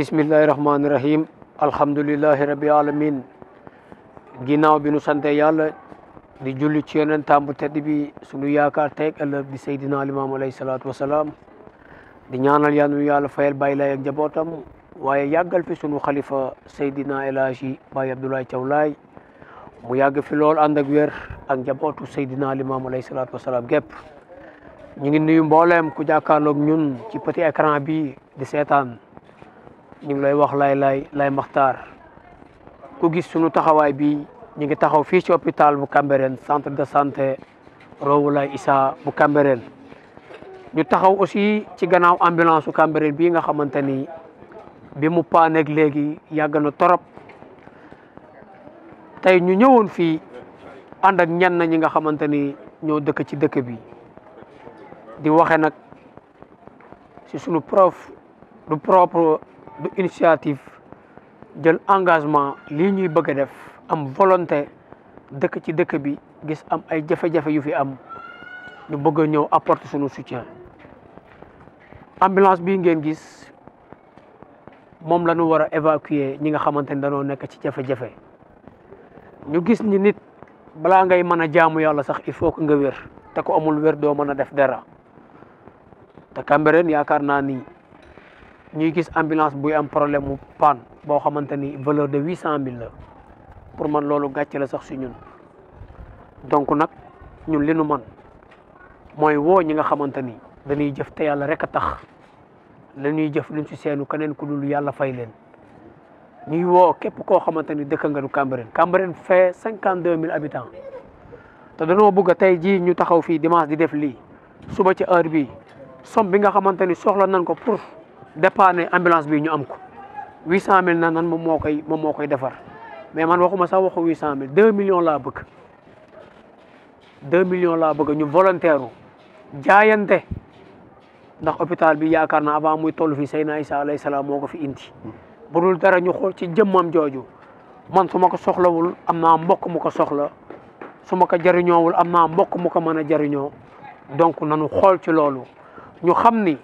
bismillahi rahmaani rahim alhamdulillahi rabbi alamin ginnaaw bi nu sante yàlla di julli ci yeneen tàmbu tedd bi suñu yaakaar teeg ëllëg di seydina limaam alayhi salaatu wasalaam di ñaanal yanu yàlla fayal bàyyi laay ak jabootam waaye yàggal fi suñu xalifa seydina El Hadji Baye mu yàgg fi lool ànd ak wér ak njabootu seydina limaam alayhi salaatu wasalaam gépp ñu ngi nuyu mbooleem ku ñun ci petit écran bi di seetaan ñu lay wax lay lay lay maxtaar ku gis sunu taxaway bi ñi ngi taxaw fi ci hôpital bu Cambérène centre de santé Rohoullaye isa bu Cambérène ñu taxaw aussi ci gannaaw ambulance bu Cambérène bi nga xamanteni bi mu panek léegi yag na torop tay ñu ñëwoon fi and ak ñenn ñi nga xamanteni ñoo dëkk ci dëkk bi di waxe nak ci sunu prof du propre du initiative jël engagement lii ñuy bëgg a def am volonté dëkk ci dëkk bi gis am ay jafe-jafe yu fi am ñu bëgg a ñëw apporter sunu soutien ambulance bii ngeen gis moom la ñu war a évacuer ñi nga xamante ni dañoo nekk ci jafe-jafe ñu gis ñi nit balaa ngay mën a jaamu yàlla sax il faut que nga wér te ko amul wér doo mën a def dara te Cambérène yaakaar naa ni ñuy gis ambulance buy am problème mu panne boo xamante ni valeur de huit cent mille la pour man loolu gàcce la sax si ñun donc nag ñun li nu man mooy woo ñi nga xamante ni dañuy jëf te yàlla rek a tax la ñuy jëf luñ si seenu keneen ku dul yàlla fay leen ñuy woo képp koo xamante ni dëkk nga du Cambérène Cambérène fait cinquante mille habitants te dañoo bëgg tey jii ñu taxaw fii dimanche di def lii suba ci heure bii somme bi nga xamante ni soxla nañ ko pour. dépanner ambulance bi ñu am ko 800000 nan nan moom moo koy moom moo koy defar mais man waxuma sax waxu 800000 2 millions laa bëgg 2 laa bëgg ñu volontaire jaayante ndax hôpital bi yaakaar na avant muy toll fii Seydina Issa alayhi salaam moo ko fi indi bu dul dara ñu xool ci jëmmam jooju man su ma ko soxlawul am naa mbokk mu ko soxla su ma ko jariñoowul am naa mbokk mu ko mën a jariñoo donc nanu xool ci loolu ñu xam ni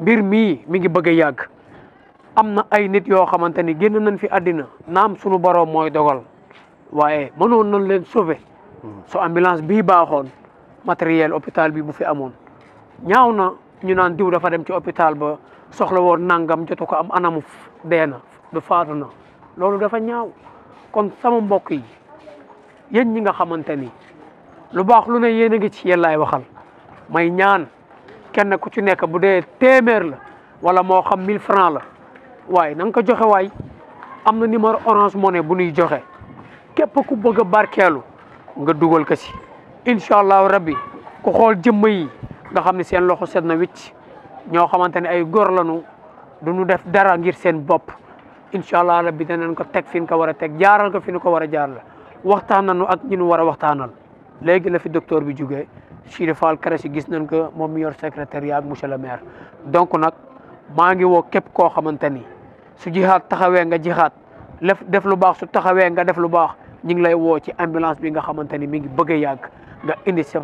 mbir mii mi ngi bëgg a yàgg am na ay nit yoo xamante ni génn nañ fi àddina naam sunu boroom mooy dogal waaye mënoon nañ leen sauver su ambulance bii baaxoon matériel hôpital bi bu fi amoon ñaaw na ñu naan diw dafa dem ci hôpital ba soxla woon nangam jotu ko am anamu dee na du faatu na loolu dafa ñaaw kon sama mbokk yi yéen ñi nga xamante ni lu baax lu ne yéen a ngi ci yéen laay waxal may ñaan kenn ku ci nekk bu dee téeméer la wala moo xam 1000 francs la waaye na nga ko joxe waay am na numéro orange ne bu nuy joxe képp ku bëgg a barkeelu nga dugal ko si incha allah rabbi ku xool jëmm yi nga xam ne seen loxo set na wicc ñoo xamante ne ay góor lañu du ñu def dara ngir seen bopp incha allah rabbi danañ ko teg fi ñu ko war a teg jaaral ko fi ñu ko war a la waxtaan nañu ak ñu nu war a waxtaanal léegi la fi docteur bi jugee. Chiré Fall Kéré gis nañ ko moom mi yor secrétariat ak monsieur le maire donc nag maa ngi woo képp koo xamante ni su jihaat taxawee nga jihaat lef def lu baax su taxawee nga def lu baax ñu ngi lay woo ci ambulance bi nga xamante ni mi ngi bëgg yàgg nga indi sa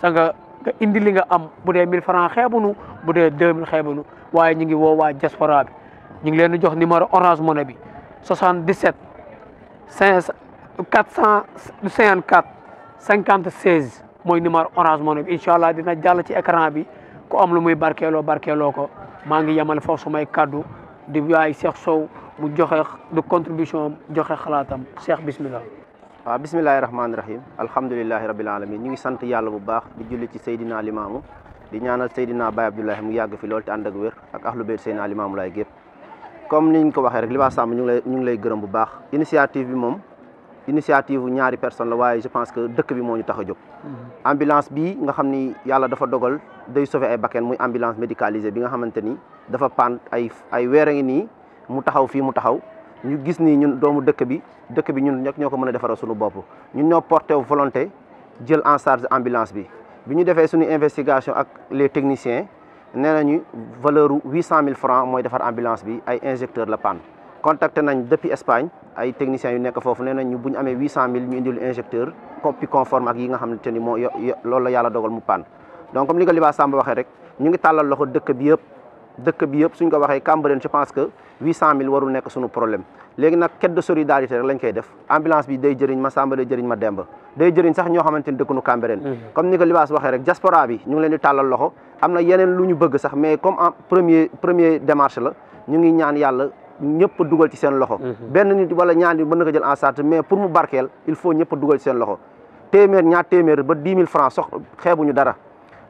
sa nga nga indi li nga am bu dee 1000 francs xeebunu bu dee 2000 xeebunu waaye ñu ngi woo waa diaspora bi ñu ngi leen di jox numéro orange money bi 77 5 454 56. moy numéro orange money bi incha dina jàll ci écran bi ko am lu muy barkelo barkelo ko ma ngi yamal fof su may cadeau di way Cheikh Sow mu joxe du contribution joxe khalatam Cheikh bismillah. wa bismillahir rahmanir rahim alhamdulilahi rabbil alamin ñu ngi sante yàlla bu baax di julli ci sayidina limam di ñaanal sayidina bay abdullah mu yag fi lol te ànd ak wér ak ahlu bayt sayidina limam lay gep comme niñ ko waxe rek li waa sàmm ñu ngi lay ñu lay gërëm bu baax initiative bi mom initiative ñaari personne la waaye je pense que dëkk bi moo ñu tax a jóg. ambulance bi nga xam ni yàlla dafa dogal day sauver ay bakkan muy ambulance médicalisée bi nga xamante ni dafa paan ay ay weer a ngi nii mu taxaw fii mu taxaw ñu gis nii ñun doomu dëkk bi dëkk bi ñun ñoo ko mën a defaral suñu bopp. ñu ñoo porté volonté jël en charge ambulance bi bi ñu defee suñu investigation ak les techniciens nee nañu valeur u huit cent mille francs mooy defar ambulance bi ay injecteur la panne. contacté nañ depuis Espagne ay techniciens yu nekk foofu nee nañ ñu bu ñu amee huit cent mille ñu indil injecteur copie conforme ak yi nga xamante ni moo yàlla dogal mu panne donc comme li nga Liba waxee rek ñu ngi tàllal loxo dëkk bi yëpp dëkk bi suñ ko waxee Cambérène je pense que huit cent mille warul nekk suñu problème léegi nag quête solidarité lañ koy def ambulance bi day jëriñ ma Samba day jëriñ ma Demba day jëriñ sax ñoo xamante ni dëkkunu Cambérène mm-hmm. comme ni ko Libaas ñëpp dugal ci seen loxo. Mhm. benn nit wala ñaar nit mën na ko jël en charge mais pour mu barkeel il faut ñëpp dugal ci seen loxo téeméer ñaar téeméer ba dix mille francs sox ñu dara.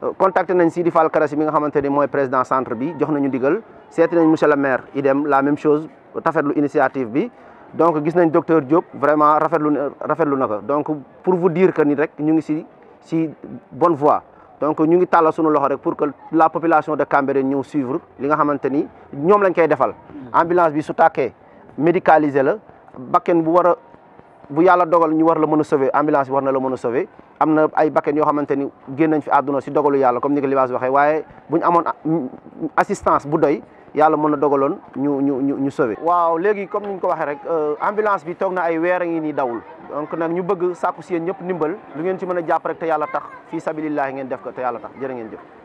Euh, contacté nañ Sidi Fall Karasi mi nga xamante ni mooy président centre bi jox nañu ndigal seeti nañ monsieur le maire idem la même chose tafetlu initiative bi donc gis nañ docteur Diop vraiment rafetlu rafetlu na ko donc pour vu dire que ni rek ñu ngi si si bonne voie donc ñu ngi tàllal suñu loxo rek pour que la population de Cambérène ñëw suivre li nga xamante ni ñoom lañ koy defal ambulance bi su tàkkee médicalisé la bakken bu war a bu yàlla dogal ñu war la mën a sauver ambulance bi war na la mën a sauver am na ay bakken yoo xamante ni génn nañ fi àdduna si dogalu yàlla comme ni ko libaas waxee waaye bu ñu amoon assistance bu doy yàlla mën na dogaloon ñu ñu ñu ñu sauver. waaw léegi comme ni ñu ko waxee rek euh, ambulance bi toog na ay weer a ngi nii dawul donc nag ñu bëgg sàkku si yéen ñëpp ndimbal lu ngeen si mën a jàpp rek te yàlla tax fii sabilillahi ngeen def ko te yàlla tax jërë ngeen jëf.